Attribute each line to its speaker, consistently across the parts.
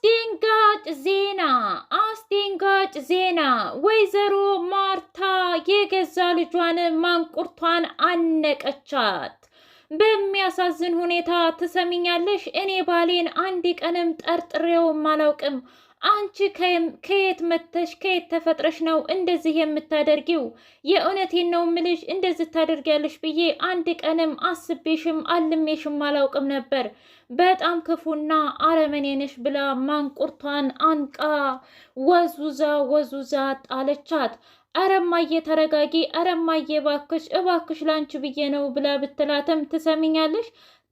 Speaker 1: አስደንጋጭ ዜና! አስደንጋጭ ዜና! ወይዘሮ ማርታ የገዛ ልጇን ማንቁርቷን አነቀቻት። በሚያሳዝን ሁኔታ ትሰሚኛለሽ፣ እኔ ባሌን አንድ ቀንም ጠርጥሬውም አላውቅም አንቺ ከየት መተሽ ከየት ተፈጥረሽ ነው እንደዚህ የምታደርጊው? የእውነቴን ነው ምልሽ እንደዚህ ታደርጊያለሽ ብዬ አንድ ቀንም አስቤሽም አልሜሽም አላውቅም ነበር። በጣም ክፉና አረመኔ ነሽ ብላ ማንቁርቷን አንቃ ወዙዛ ወዙዛ ጣለቻት። አረማዬ ተረጋጊ፣ አረማዬ እባክሽ እባክሽ ላንቺ ብዬ ነው ብላ ብትላትም ትሰሚኛለሽ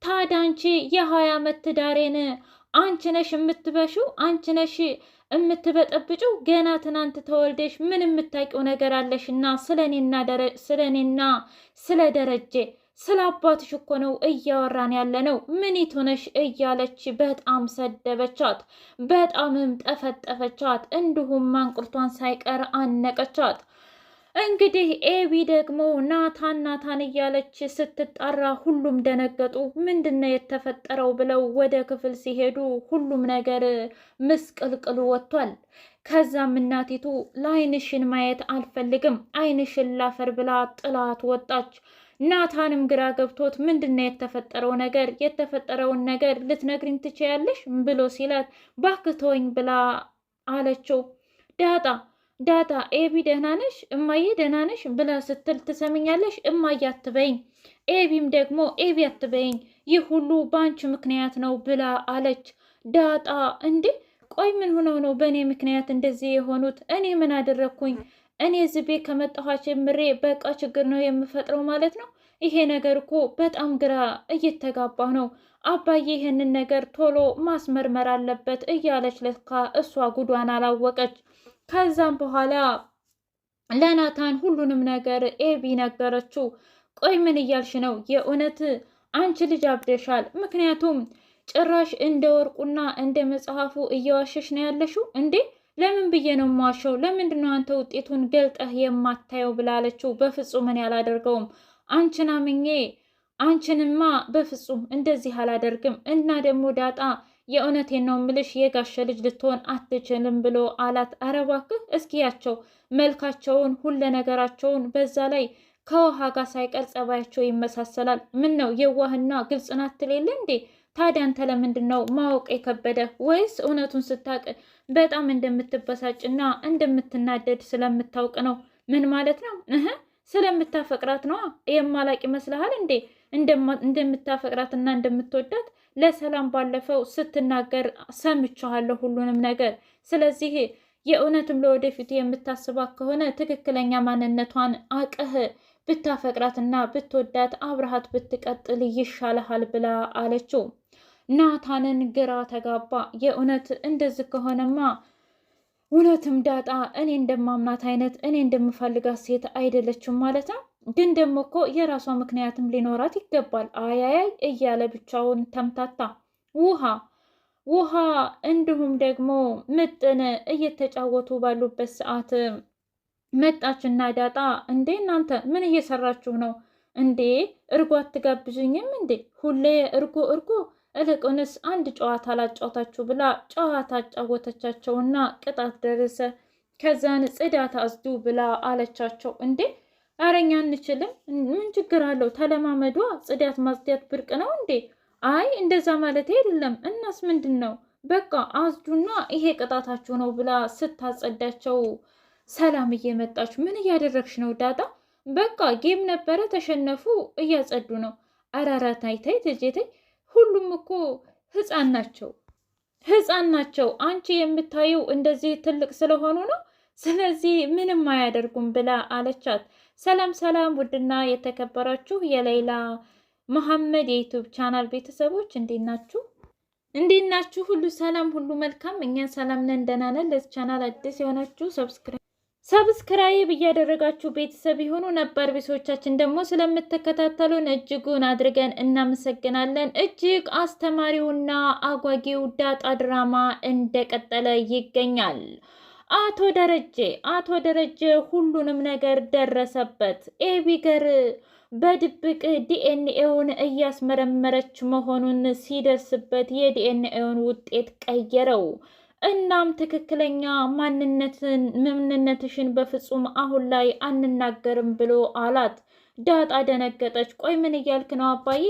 Speaker 1: ታዳንቺ የሀያ ዓመት ትዳሬን አንቺ ነሽ የምትበሹ፣ አንቺ ነሽ የምትበጠብጩ። ገና ትናንት ተወልደሽ ምን የምታውቂው ነገር አለሽና ስለ እኔና ስለ ደረጀ ስለ አባትሽ እኮ ነው እያወራን ያለ ነው። ምን ነሽ እያለች በጣም ሰደበቻት፣ በጣምም ጠፈጠፈቻት፣ እንዲሁም ማንቁርቷን ሳይቀር አነቀቻት። እንግዲህ ኤቢ ደግሞ ናታን ናታን እያለች ስትጣራ ሁሉም ደነገጡ። ምንድነው የተፈጠረው ብለው ወደ ክፍል ሲሄዱ ሁሉም ነገር ምስቅልቅሉ ወጥቷል። ከዛም እናቲቱ ለአይንሽን ማየት አልፈልግም፣ አይንሽን ላፈር ብላ ጥላት ወጣች። ናታንም ግራ ገብቶት ምንድነው የተፈጠረው ነገር የተፈጠረውን ነገር ልትነግሪኝ ትችያለሽ ብሎ ሲላት ባክቶኝ ብላ አለችው ዳጣ ዳጣ ኤቢ ደህና ነሽ እማዬ ደህና ነሽ ብላ ስትል ትሰምኛለሽ እማዬ አትበይኝ፣ ኤቢም ደግሞ ኤቢ አትበይኝ፣ ይህ ሁሉ በአንቺ ምክንያት ነው ብላ አለች። ዳጣ እንዴ ቆይ ምን ሆነው ነው በእኔ ምክንያት እንደዚህ የሆኑት? እኔ ምን አደረግኩኝ? እኔ ዝቤ ከመጣኋ ጀምሬ በቃ ችግር ነው የምፈጥረው ማለት ነው። ይሄ ነገር እኮ በጣም ግራ እየተጋባ ነው። አባዬ ይህንን ነገር ቶሎ ማስመርመር አለበት እያለች ለካ እሷ ጉዷን አላወቀች። ከዛም በኋላ ለናታን ሁሉንም ነገር ኤቢ ነገረችው። ቆይ ምን እያልሽ ነው? የእውነት አንቺ ልጅ አብደሻል። ምክንያቱም ጭራሽ እንደ ወርቁና እንደ መጽሐፉ እየዋሸሽ ነው ያለሽው እንዴ? ለምን ብዬ ነው የማዋሸው? ለምንድን ነው አንተ ውጤቱን ገልጠህ የማታየው? ብላለችው። በፍጹም እኔ አላደርገውም አንቺን አምኜ አንቺንማ በፍጹም እንደዚህ አላደርግም። እና ደግሞ ዳጣ የእውነቴን ነው ምልሽ የጋሸ ልጅ ልትሆን አትችልም ብሎ አላት። አረ እባክህ እስኪያቸው መልካቸውን፣ ሁለ ነገራቸውን በዛ ላይ ከውሃ ጋር ሳይቀር ጸባያቸው ይመሳሰላል። ምን ነው የዋህና ግልጽ ናት ትሌለ እንዴ? ታዲያ አንተ ለምንድን ነው ማወቅ የከበደ? ወይስ እውነቱን ስታቅ በጣም እንደምትበሳጭና እንደምትናደድ ስለምታውቅ ነው? ምን ማለት ነው? እህ ስለምታፈቅራት ነዋ። የማላቅ ይመስልሃል እንዴ? እንደምታፈቅራትና እንደምትወዳት ለሰላም ባለፈው ስትናገር ሰምቻለሁ ሁሉንም ነገር። ስለዚህ የእውነትም ለወደፊቱ የምታስባት ከሆነ ትክክለኛ ማንነቷን አቅህ ብታፈቅራትና ብትወዳት አብረሃት ብትቀጥል ይሻልሃል ብላ አለችው። ናታንን ግራ ተጋባ። የእውነት እንደዚህ ከሆነማ እውነትም ዳጣ እኔ እንደማምናት አይነት እኔ እንደምፈልጋት ሴት አይደለችም ማለት ነው። ግን ደግሞ እኮ የራሷ ምክንያትም ሊኖራት ይገባል። አያያይ እያለ ብቻውን ተምታታ። ውሃ ውሃ እንዲሁም ደግሞ ምጥን እየተጫወቱ ባሉበት ሰዓት መጣችና ዳጣ እንዴ እናንተ ምን እየሰራችሁ ነው እንዴ? እርጎ አትጋብዙኝም እንዴ? ሁሌ እርጎ እርጎ እልቁንስ አንድ ጨዋታ ላጫወታችሁ ብላ ጨዋታ አጫወተቻቸውና ቅጣት ደረሰ። ከዛን ጽዳት አዝዱ ብላ አለቻቸው። እንዴ ኧረ እኛ አንችልም። ምን ችግር አለው? ተለማመዷ። ጽዳት ማጽዳት ብርቅ ነው እንዴ? አይ እንደዛ ማለት አይደለም። እናስ ምንድን ነው? በቃ አዝዱና ይሄ ቅጣታችሁ ነው ብላ ስታጸዳቸው ሰላም እየመጣች ምን እያደረግሽ ነው ዳጣ? በቃ ጌም ነበረ ተሸነፉ፣ እያጸዱ ነው። አራራት አይታይ ትጄተኝ ሁሉም እኮ ህፃን ናቸው፣ ህፃን ናቸው። አንቺ የምታየው እንደዚህ ትልቅ ስለሆኑ ነው። ስለዚህ ምንም አያደርጉም ብላ አለቻት። ሰላም ሰላም! ውድና የተከበራችሁ የሌላ መሐመድ የዩቱብ ቻናል ቤተሰቦች እንዴት ናችሁ? እንዴት ናችሁ? ሁሉ ሰላም፣ ሁሉ መልካም። እኛ ሰላም ነን፣ ደህና ነን። ለዚህ ቻናል አዲስ የሆናችሁ ሰብስክራይብ ሰብስክራይብ እያደረጋችሁ ቤተሰብ የሆኑ ነባር ቤተሰቦቻችን ደግሞ ስለምትከታተሉን እጅጉን አድርገን እናመሰግናለን። እጅግ አስተማሪውና አጓጊው ዳጣ ድራማ እንደቀጠለ ይገኛል። አቶ ደረጀ አቶ ደረጀ ሁሉንም ነገር ደረሰበት። ኤቢገር በድብቅ ዲኤንኤውን እያስመረመረች መሆኑን ሲደርስበት የዲኤንኤውን ውጤት ቀየረው። እናም ትክክለኛ ማንነትን ምምንነትሽን በፍጹም አሁን ላይ አንናገርም ብሎ አላት። ዳጣ ደነገጠች። ቆይ ምን እያልክ ነው አባዬ?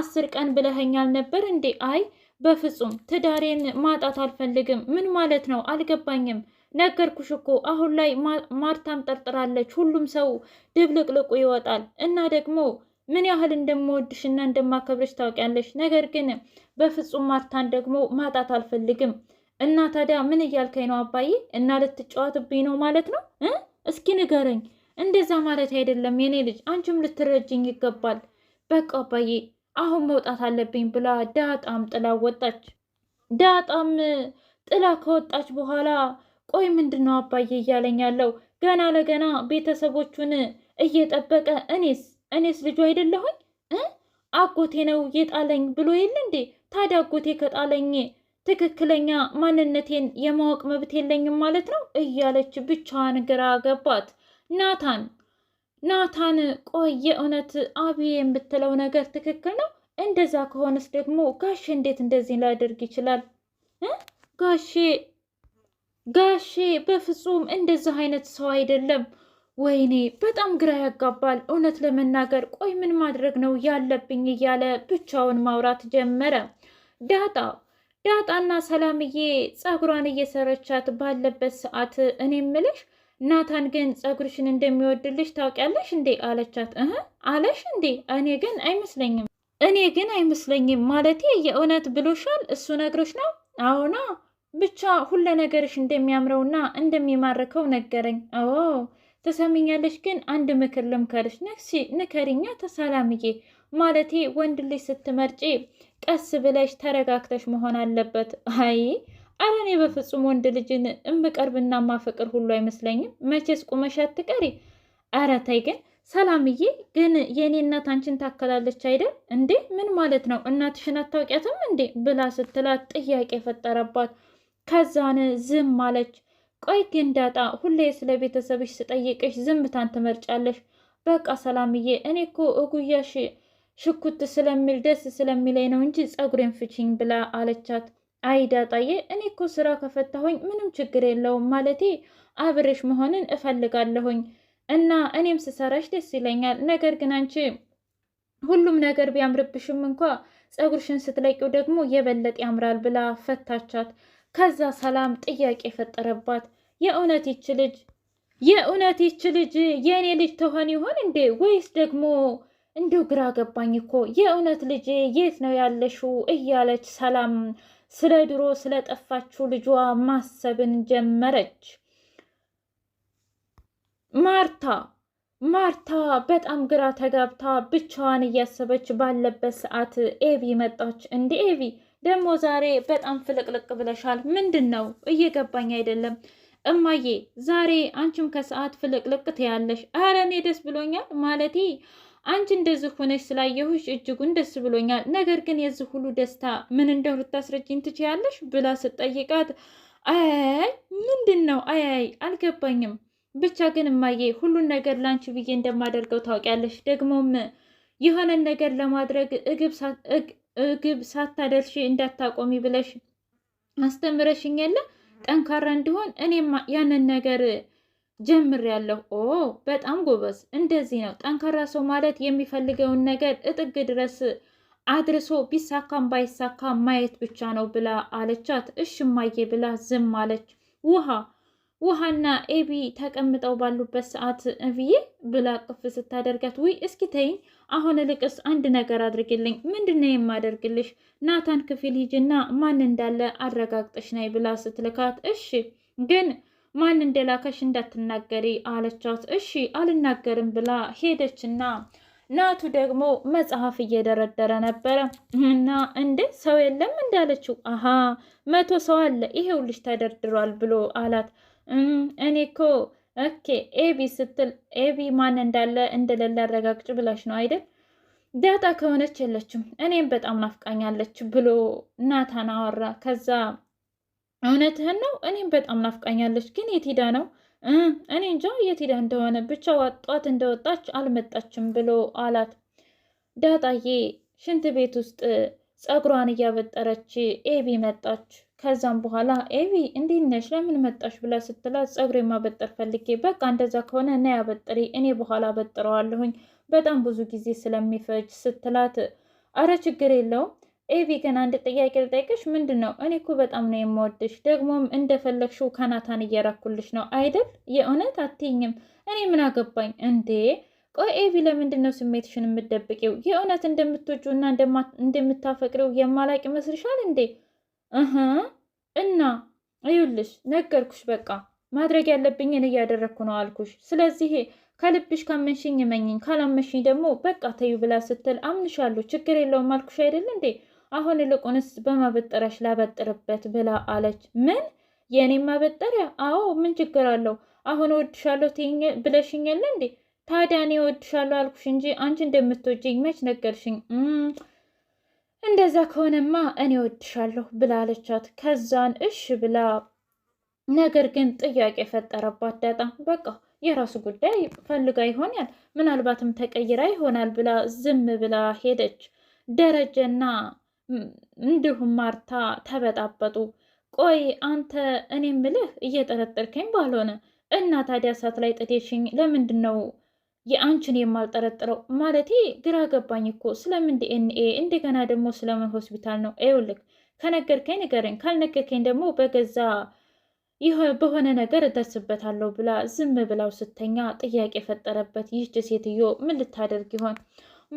Speaker 1: አስር ቀን ብለኸኛል ነበር እንዴ? አይ በፍጹም ትዳሬን ማጣት አልፈልግም። ምን ማለት ነው? አልገባኝም። ነገርኩሽ እኮ አሁን ላይ ማርታም ጠርጥራለች። ሁሉም ሰው ድብልቅልቁ ይወጣል እና ደግሞ ምን ያህል እንደምወድሽ እና እንደማከብርሽ ታውቂያለሽ። ነገር ግን በፍጹም ማርታን ደግሞ ማጣት አልፈልግም። እና ታዲያ ምን እያልከኝ ነው አባዬ? እና ልትጫወትብኝ ነው ማለት ነው? እስኪ ንገረኝ። እንደዛ ማለት አይደለም የኔ ልጅ፣ አንቺም ልትረጅኝ ይገባል። በቃ አባዬ አሁን መውጣት አለብኝ ብላ ዳጣም ጥላ ወጣች። ዳጣም ጥላ ከወጣች በኋላ ቆይ ምንድን ነው አባዬ እያለኝ ያለው? ገና ለገና ቤተሰቦቹን እየጠበቀ እኔስ እኔስ ልጁ አይደለሁኝ አጎቴ ነው የጣለኝ ብሎ የለ እንዴ? ታዲያ አጎቴ ከጣለኝ ትክክለኛ ማንነቴን የማወቅ መብት የለኝም ማለት ነው እያለች ብቻዋን ግራ ገባት። ናታን ናታን ቆይ የእውነት አብዬ የምትለው ነገር ትክክል ነው? እንደዛ ከሆነስ ደግሞ ጋሼ እንዴት እንደዚህ ላደርግ ይችላል? ጋሼ ጋሼ በፍጹም እንደዚህ አይነት ሰው አይደለም። ወይኔ በጣም ግራ ያጋባል። እውነት ለመናገር ቆይ ምን ማድረግ ነው ያለብኝ እያለ ብቻውን ማውራት ጀመረ። ዳጣ ዳጣና ሰላምዬ ፀጉሯን እየሰረቻት ባለበት ሰዓት እኔ ምልሽ ናታን ግን ፀጉርሽን እንደሚወድልሽ ታውቂያለሽ እንዴ አለቻት። እ አለሽ እንዴ እኔ ግን አይመስለኝም እኔ ግን አይመስለኝም ማለቴ የእውነት ብሎሻል እሱ ነግሮች ነው አሁና ብቻ ሁለ ነገርሽ እንደሚያምረውና እንደሚማርከው ነገረኝ። ኦ ትሰሚኛለሽ? ግን አንድ ምክር ልምከርሽ። ነክሲ ንከሪኛ ተሳላምዬ፣ ማለቴ ወንድ ልጅ ስትመርጪ ቀስ ብለሽ ተረጋግተሽ መሆን አለበት። አይ ኧረ እኔ በፍጹም ወንድ ልጅን እምቀርብና ማፈቅር ሁሉ አይመስለኝም። መቼስ ቁመሽ አትቀሪ። ኧረ ተይ ግን ሰላምዬ፣ ግን የእኔ እናት አንቺን ታከላለች አይደል እንዴ? ምን ማለት ነው? እናትሽን አታውቂያትም እንዴ? ብላ ስትላት ጥያቄ ፈጠረባት። ከዛን ዝም አለች። ቆይ ግን ዳጣ ሁሌ ስለ ቤተሰብሽ ስጠይቅሽ ዝምታን ትመርጫለሽ። በቃ ሰላምዬ፣ እኔ እኮ እጉያሽ ሽኩት ስለሚል ደስ ስለሚለኝ ነው እንጂ ጸጉሬን ፍችኝ ብላ አለቻት። አይ ዳጣዬ፣ እኔ እኮ ስራ ከፈታሁኝ ምንም ችግር የለውም ማለቴ አብሬሽ መሆንን እፈልጋለሁኝ እና እኔም ስሰራሽ ደስ ይለኛል። ነገር ግን አንቺ ሁሉም ነገር ቢያምርብሽም እንኳ ጸጉርሽን ስትለቂው ደግሞ የበለጠ ያምራል ብላ ፈታቻት። ከዛ ሰላም ጥያቄ የፈጠረባት የእውነት ይች ልጅ የእውነት ይች ልጅ የእኔ ልጅ ትሆን ይሆን እንዴ? ወይስ ደግሞ እንዲሁ ግራ ገባኝ እኮ የእውነት ልጅ የት ነው ያለሽው? እያለች ሰላም ስለ ድሮ ስለ ጠፋችው ልጇ ማሰብን ጀመረች። ማርታ ማርታ በጣም ግራ ተጋብታ ብቻዋን እያሰበች ባለበት ሰዓት ኤቪ መጣች። እንዴ ኤቪ? ደግሞ ዛሬ በጣም ፍልቅልቅ ብለሻል። ምንድን ነው እየገባኝ አይደለም። እማዬ ዛሬ አንቺም ከሰዓት ፍልቅልቅ ትያለሽ። ኧረ እኔ ደስ ብሎኛል ማለቴ አንቺ እንደዚህ ሆነሽ ስላየሁሽ እጅጉን ደስ ብሎኛል። ነገር ግን የዚህ ሁሉ ደስታ ምን እንደሆነ ልታስረጅኝ ትችያለሽ ብላ ስትጠይቃት አያያይ ምንድን ነው አያይ አልገባኝም። ብቻ ግን እማዬ ሁሉን ነገር ለአንቺ ብዬ እንደማደርገው ታውቂያለሽ። ደግሞም የሆነን ነገር ለማድረግ እግብ ሳታደርሺ እንዳታቆሚ ብለሽ አስተምረሽኝ የለ ጠንካራ እንዲሆን እኔም ያንን ነገር ጀምር ያለሁ ኦ በጣም ጎበዝ። እንደዚህ ነው ጠንካራ ሰው ማለት የሚፈልገውን ነገር እጥግ ድረስ አድርሶ ቢሳካም ባይሳካ ማየት ብቻ ነው ብላ አለቻት። እሽ እማዬ ብላ ዝም አለች። ውሃ ውሃና ኤቢ ተቀምጠው ባሉበት ሰዓት ብዬ ብላ ቅፍ ስታደርጋት፣ ውይ እስኪ ተይኝ፣ አሁን ልቅስ አንድ ነገር አድርግልኝ። ምንድነው የማደርግልሽ? ናታን ክፍል ሂጅና ማን እንዳለ አረጋግጠሽ ናይ ብላ ስትልካት፣ እሺ ግን ማን እንደላከሽ እንዳትናገሪ አለቻት። እሺ አልናገርም ብላ ሄደችና ናቱ ደግሞ መጽሐፍ እየደረደረ ነበረ እና እንዴ ሰው የለም እንዳለችው፣ አሃ መቶ ሰው አለ ይሄው ልጅ ተደርድሯል ብሎ አላት። እኔ እኮ ኦኬ ኤቢ ስትል ኤቢ ማን እንዳለ እንደሌለ አረጋግጭ ብላሽ ነው አይደል? ዳጣ ከሆነች የለችም፣ እኔም በጣም ናፍቃኛለች ብሎ ናታን አወራ። ከዛ እውነትህን ነው እኔም በጣም ናፍቃኛለች፣ ግን የት ሄዳ ነው? እኔ እንጃ የት ሄዳ እንደሆነ ብቻ ዋጧት እንደወጣች አልመጣችም ብሎ አላት። ዳጣዬ ሽንት ቤት ውስጥ ጸጉሯን እያበጠረች ኤቢ መጣች። ከዛም በኋላ ኤቪ እንዴት ነሽ ለምን መጣሽ ብላ ስትላት ጸጉሬ ማበጠር ፈልጌ፣ በቃ እንደዛ ከሆነ ና ያበጥሪ፣ እኔ በኋላ አበጥረዋለሁኝ በጣም ብዙ ጊዜ ስለሚፈጅ ስትላት፣ አረ ችግር የለውም ኤቪ፣ ግን አንድ ጥያቄ ልጠይቅሽ። ምንድን ነው? እኔ እኮ በጣም ነው የምወድሽ፣ ደግሞም እንደፈለግሽው ከናታን እየራኩልሽ ነው አይደል? የእውነት አትይኝም? እኔ ምን አገባኝ እንዴ? ቆይ ኤቪ፣ ለምንድን ነው ስሜትሽን የምትደብቂው? የእውነት እንደምትወጁ እና እንደምታፈቅሪው የማላቅ መስልሻል እንዴ? እና እዩልሽ ነገርኩሽ፣ በቃ ማድረግ ያለብኝን እያደረግኩ ነው አልኩሽ። ስለዚህ ከልብሽ ካመንሽኝ እመኝኝ፣ ካላመንሽኝ ደግሞ በቃ ተዩ ብላ ስትል አምንሻለሁ፣ ችግር የለውም አልኩሽ አይደል እንዴ? አሁን ይልቁንስ በማበጠሪያሽ ላበጥርበት ብላ አለች። ምን የእኔ ማበጠሪያ? አዎ ምን ችግር አለው? አሁን እወድሻለሁ ብለሽኛል እንዴ? ታዲያ እኔ እወድሻለሁ አልኩሽ እንጂ አንቺ እንደምትወጂኝ መች ነገርሽኝ? እንደዛ ከሆነማ እኔ ወድሻለሁ ብላለቻት። ከዛን እሽ ብላ ነገር ግን ጥያቄ ፈጠረባት ዳጣ። በቃ የራሱ ጉዳይ ፈልጋ ይሆናል ምናልባትም ተቀይራ ይሆናል ብላ ዝም ብላ ሄደች። ደረጀና እንዲሁም ማርታ ተበጣበጡ። ቆይ አንተ እኔ ምልህ እየጠረጠርከኝ ባልሆነ እና ታዲያ እሳት ላይ ጥዴሽኝ ለምንድን ነው የአንችን የማልጠረጥረው ማለቴ ግራ ገባኝ እኮ ስለምን ዲኤንኤ እንደገና ደግሞ ስለምን ሆስፒታል ነው? ይኸውልህ ከነገርከኝ ንገረኝ፣ ካልነገርከኝ ደግሞ በገዛ በሆነ ነገር እደርስበታለሁ ብላ ዝም ብላው ስተኛ ጥያቄ የፈጠረበት ይህች ሴትዮ ምን ልታደርግ ይሆን?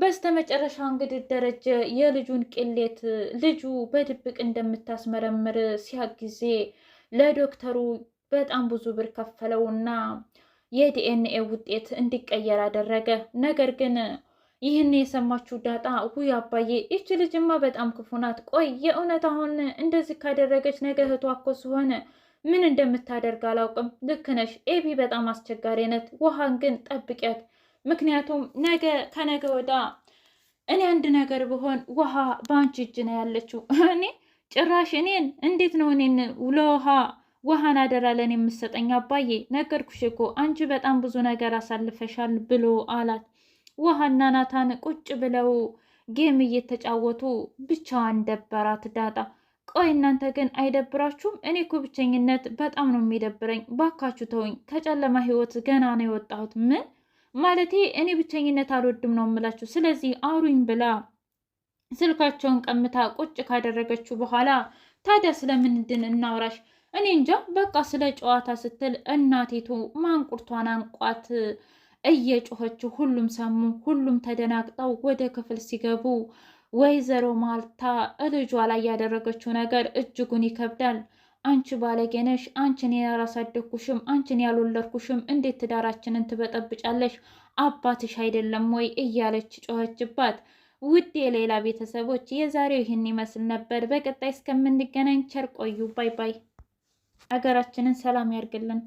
Speaker 1: በስተመጨረሻ እንግዲህ ደረጀ የልጁን ቅሌት ልጁ በድብቅ እንደምታስመረምር ሲያ ጊዜ ለዶክተሩ በጣም ብዙ ብር ከፈለውና የዲኤንኤ ውጤት እንዲቀየር አደረገ። ነገር ግን ይህን የሰማችው ዳጣ ውይ አባዬ፣ ይች ልጅማ በጣም ክፉ ናት። ቆይ የእውነት አሁን እንደዚህ ካደረገች ነገ እህቷ እኮ ሲሆን ምን እንደምታደርግ አላውቅም። ልክ ነሽ ኤቢ፣ በጣም አስቸጋሪ ነት ውሃን ግን ጠብቂያት፣ ምክንያቱም ነገ ከነገ ወዳ እኔ አንድ ነገር ብሆን ውሃ በአንቺ እጅ ነው ያለችው። እኔ ጭራሽ እኔን እንዴት ነው እኔን ለውሃ ውሃን አደራ ለን የምሰጠኝ አባዬ፣ ነገርኩሽ እኮ አንቺ በጣም ብዙ ነገር አሳልፈሻል ብሎ አላት። ውሃና ናታን ቁጭ ብለው ጌም እየተጫወቱ ብቻዋን ደበራት ዳጣ። ቆይ እናንተ ግን አይደብራችሁም? እኔ እኮ ብቸኝነት በጣም ነው የሚደብረኝ። ባካችሁ ተውኝ፣ ከጨለማ ህይወት ገና ነው የወጣሁት። ምን ማለቴ እኔ ብቸኝነት አልወድም ነው የምላችሁ። ስለዚህ አውሩኝ ብላ ስልካቸውን ቀምታ ቁጭ ካደረገችው በኋላ ታዲያ ስለምንድን እናውራሽ እኔ እንጃ በቃ ስለ ጨዋታ ስትል እናቲቱ ማንቁርቷን አንቋት እየጮኸች ሁሉም ሰሙ። ሁሉም ተደናግጠው ወደ ክፍል ሲገቡ ወይዘሮ ማልታ ልጇ ላይ ያደረገችው ነገር እጅጉን ይከብዳል። አንቺ ባለጌነሽ፣ ነሽ! አንቺን ያላሳደግኩሽም፣ አንቺን ያልወለድኩሽም እንዴት ትዳራችንን ትበጠብጫለሽ? አባትሽ አይደለም ወይ? እያለች ጮኸችባት። ውድ የሌላ ቤተሰቦች የዛሬው ይህን ይመስል ነበር። በቀጣይ እስከምንገናኝ ቸር ቆዩ። ባይ ባይ። ሀገራችንን ሰላም ያርግልን።